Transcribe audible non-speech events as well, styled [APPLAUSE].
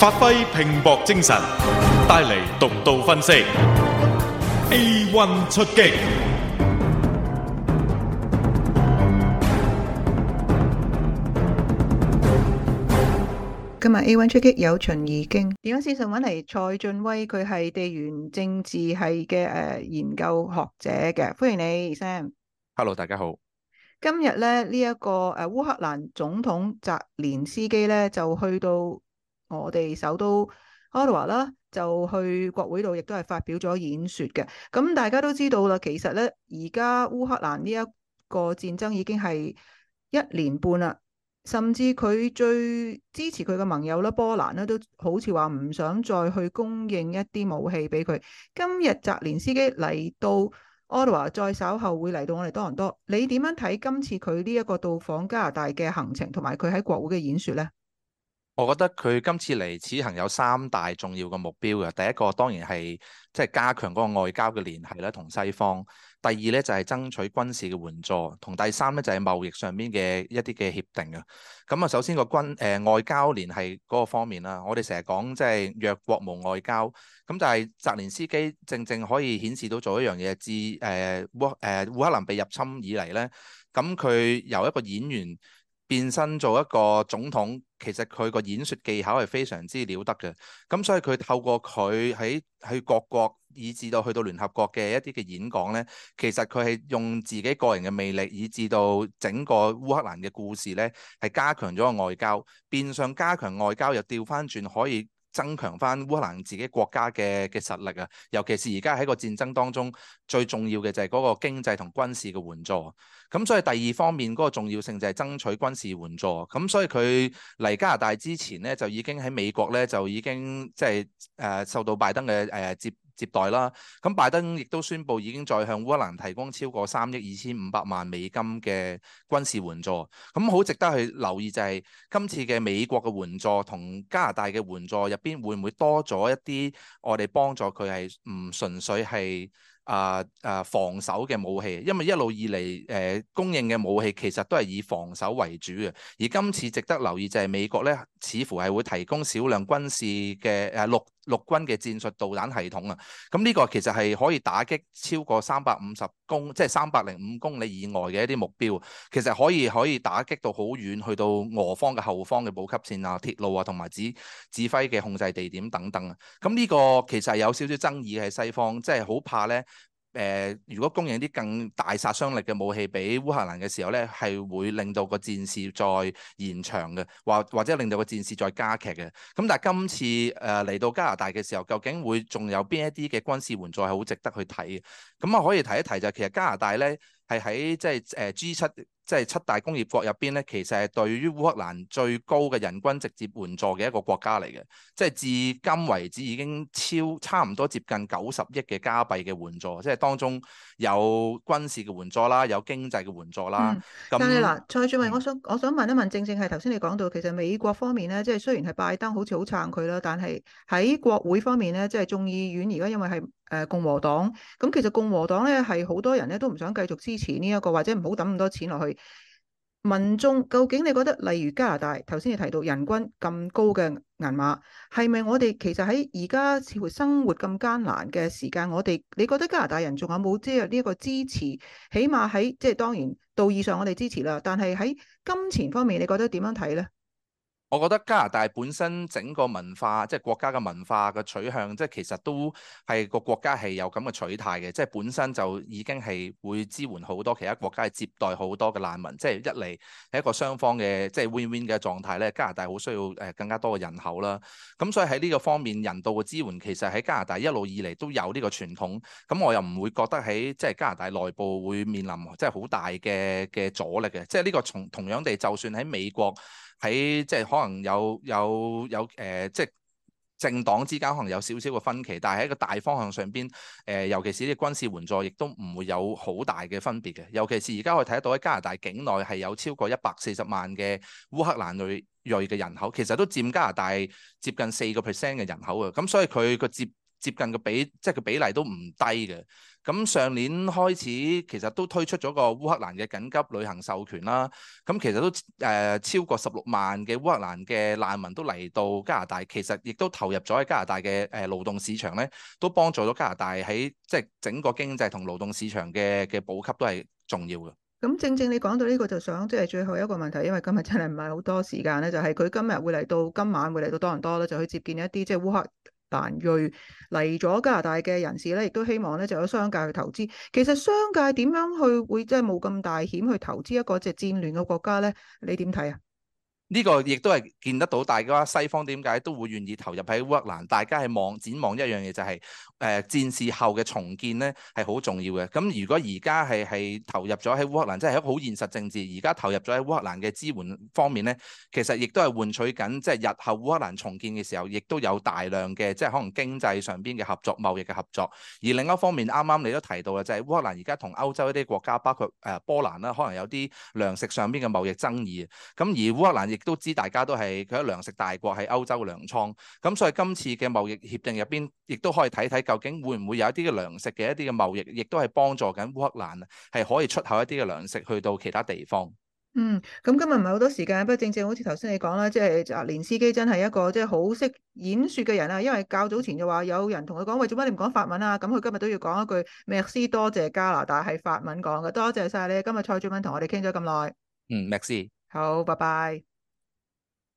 發揮拼搏精神，帶嚟獨到分析。A one 出擊，今日 A one 出擊有秦易經。點樣先？想揾嚟蔡俊威，佢係地緣政治系嘅誒研究學者嘅，歡迎你，Sam。 [NOISE] Hello，大家好。今日咧呢一個誒烏克蘭總統澤連斯基咧就去到。我哋首都渥太華啦，就去國會度，亦都係發表咗演説嘅。咁大家都知道啦，其實咧，而家烏克蘭呢一個戰爭已經係一年半啦，甚至佢最支持佢嘅盟友啦，波蘭咧都好似話唔想再去供應一啲武器俾佢。今日澤連斯基嚟到渥太華，再稍後會嚟到我哋多倫多。你點樣睇今次佢呢一個到訪加拿大嘅行程，同埋佢喺國會嘅演説咧？我覺得佢今次嚟此行有三大重要嘅目標嘅。第一個當然係即係加強嗰個外交嘅聯繫啦，同西方。第二呢就係爭取軍事嘅援助，同第三呢就係貿易上面嘅一啲嘅協定啊。咁啊，首先個軍誒、呃、外交聯繫嗰個方面啦，我哋成日講即係弱國無外交，咁但係澤連斯基正正可以顯示到做一樣嘢，自誒烏誒克蘭被入侵以嚟呢，咁佢由一個演員。變身做一個總統，其實佢個演說技巧係非常之了得嘅，咁所以佢透過佢喺去各國，以至到去到聯合國嘅一啲嘅演講呢，其實佢係用自己個人嘅魅力，以至到整個烏克蘭嘅故事呢，係加強咗個外交，變相加強外交，又掉返轉可以。增強翻烏克蘭自己國家嘅嘅實力啊，尤其是而家喺個戰爭當中最重要嘅就係嗰個經濟同軍事嘅援助。咁所以第二方面嗰個重要性就係爭取軍事援助。咁所以佢嚟加拿大之前咧，就已經喺美國咧，就已經即係誒受到拜登嘅誒、呃、接。接待啦，咁拜登亦都宣佈已經再向烏克蘭提供超過三億二千五百萬美金嘅軍事援助。咁好值得去留意就係、是、今次嘅美國嘅援助同加拿大嘅援助入邊會唔會多咗一啲我哋幫助佢係唔純粹係啊誒、啊、防守嘅武器？因為一路以嚟誒、啊、供應嘅武器其實都係以防守為主嘅。而今次值得留意就係美國咧，似乎係會提供少量軍事嘅誒陸。啊陸軍嘅戰術導彈系統啊，咁呢個其實係可以打擊超過三百五十公，即係三百零五公里以外嘅一啲目標，其實可以可以打擊到好遠，去到俄方嘅後方嘅補給線啊、鐵路啊，同埋指指揮嘅控制地點等等啊。咁呢個其實係有少少爭議喺西方，即係好怕咧。誒、呃，如果供應啲更大殺傷力嘅武器俾烏克蘭嘅時候咧，係會令到個戰事再延長嘅，或或者令到個戰事再加劇嘅。咁但係今次誒嚟、呃、到加拿大嘅時候，究竟會仲有邊一啲嘅軍事援助係好值得去睇嘅？咁啊，可以提一提就係其實加拿大咧係喺即係誒 G 七。即係七大工業國入邊咧，其實係對於烏克蘭最高嘅人均直接援助嘅一個國家嚟嘅，即係至今為止已經超差唔多接近九十億嘅加幣嘅援助，即係當中有軍事嘅援助啦，有經濟嘅援助啦。咁但係嗱，蔡總，我想我想問一問，正正係頭先你講到，其實美國方面咧，即係雖然係拜登好似好撐佢啦，但係喺國會方面咧，即係眾議院而家因為係。誒，共和黨，咁其實共和黨咧，係好多人咧，都唔想繼續支持呢、這、一個，或者唔好抌咁多錢落去。民眾，究竟你覺得，例如加拿大頭先你提到人均咁高嘅銀碼，係咪我哋其實喺而家似乎生活咁艱難嘅時間，我哋你覺得加拿大人仲有冇即係呢一個支持？起碼喺即係當然道義上我哋支持啦，但係喺金錢方面，你覺得點樣睇咧？我覺得加拿大本身整個文化，即係國家嘅文化嘅取向，即係其實都係個國家係有咁嘅取態嘅，即係本身就已經係會支援好多其他國家，係接待好多嘅難民，即係一嚟係一個雙方嘅即係 win win 嘅狀態咧。加拿大好需要誒更加多嘅人口啦，咁所以喺呢個方面人道嘅支援其實喺加拿大一路以嚟都有呢個傳統。咁我又唔會覺得喺即係加拿大內部會面臨即係好大嘅嘅阻力嘅，即係呢個同同樣地，就算喺美國。喺即係可能有有有誒、呃，即係政黨之間可能有少少嘅分歧，但係喺一個大方向上邊誒、呃，尤其是啲軍事援助，亦都唔會有好大嘅分別嘅。尤其是而家我睇得到喺加拿大境內係有超過一百四十萬嘅烏克蘭裔裔嘅人口，其實都佔加拿大接近四個 percent 嘅人口啊。咁所以佢個接接近嘅比，即係個比例都唔低嘅。咁上年開始，其實都推出咗個烏克蘭嘅緊急旅行授權啦。咁其實都誒、呃、超過十六萬嘅烏克蘭嘅難民都嚟到加拿大，其實亦都投入咗喺加拿大嘅誒勞動市場咧，都幫助咗加拿大喺即係整個經濟同勞動市場嘅嘅補給都係重要嘅。咁正正你講到呢個就，就想即係最後一個問題，因為今日真係唔係好多時間咧，就係、是、佢今日會嚟到，今晚會嚟到多倫多咧，就去接見一啲即係烏克蘭裔嚟咗加拿大嘅人士咧，亦都希望咧就有商界去投資。其實商界點樣去會即係冇咁大險去投資一個即係戰亂嘅國家咧？你點睇啊？呢個亦都係見得到，大家西方點解都會願意投入喺烏克蘭，大家係望展望一樣嘢，就是，就係誒戰事後嘅重建咧係好重要嘅。咁如果而家係係投入咗喺烏克蘭，即係一個好現實政治，而家投入咗喺烏克蘭嘅支援方面咧，其實亦都係換取緊即係日後烏克蘭重建嘅時候，亦都有大量嘅即係可能經濟上邊嘅合作，貿易嘅合作。而另一方面，啱啱你都提到嘅就係、是、烏克蘭而家同歐洲一啲國家，包括誒、呃、波蘭啦，可能有啲糧食上邊嘅貿易爭議。咁而烏克蘭，亦，亦都知大家都係佢一糧食大國，係歐洲嘅糧倉咁，所以今次嘅貿易協定入邊，亦都可以睇睇究竟會唔會有一啲嘅糧食嘅一啲嘅貿易，亦都係幫助緊烏克蘭啊，係可以出口一啲嘅糧食去到其他地方。嗯，咁今日唔係好多時間，不過正正好似頭先你講啦，即係啊，澤連斯基真係一個即係好識演説嘅人啊。因為較早前就話有人同佢講，喂，做乜你唔講法文啊？咁佢今日都要講一句 Merci，嗯，多謝。多謝加拿大係法文講嘅，多謝晒你今日蔡主文同我哋傾咗咁耐。嗯，Merci，好，拜拜。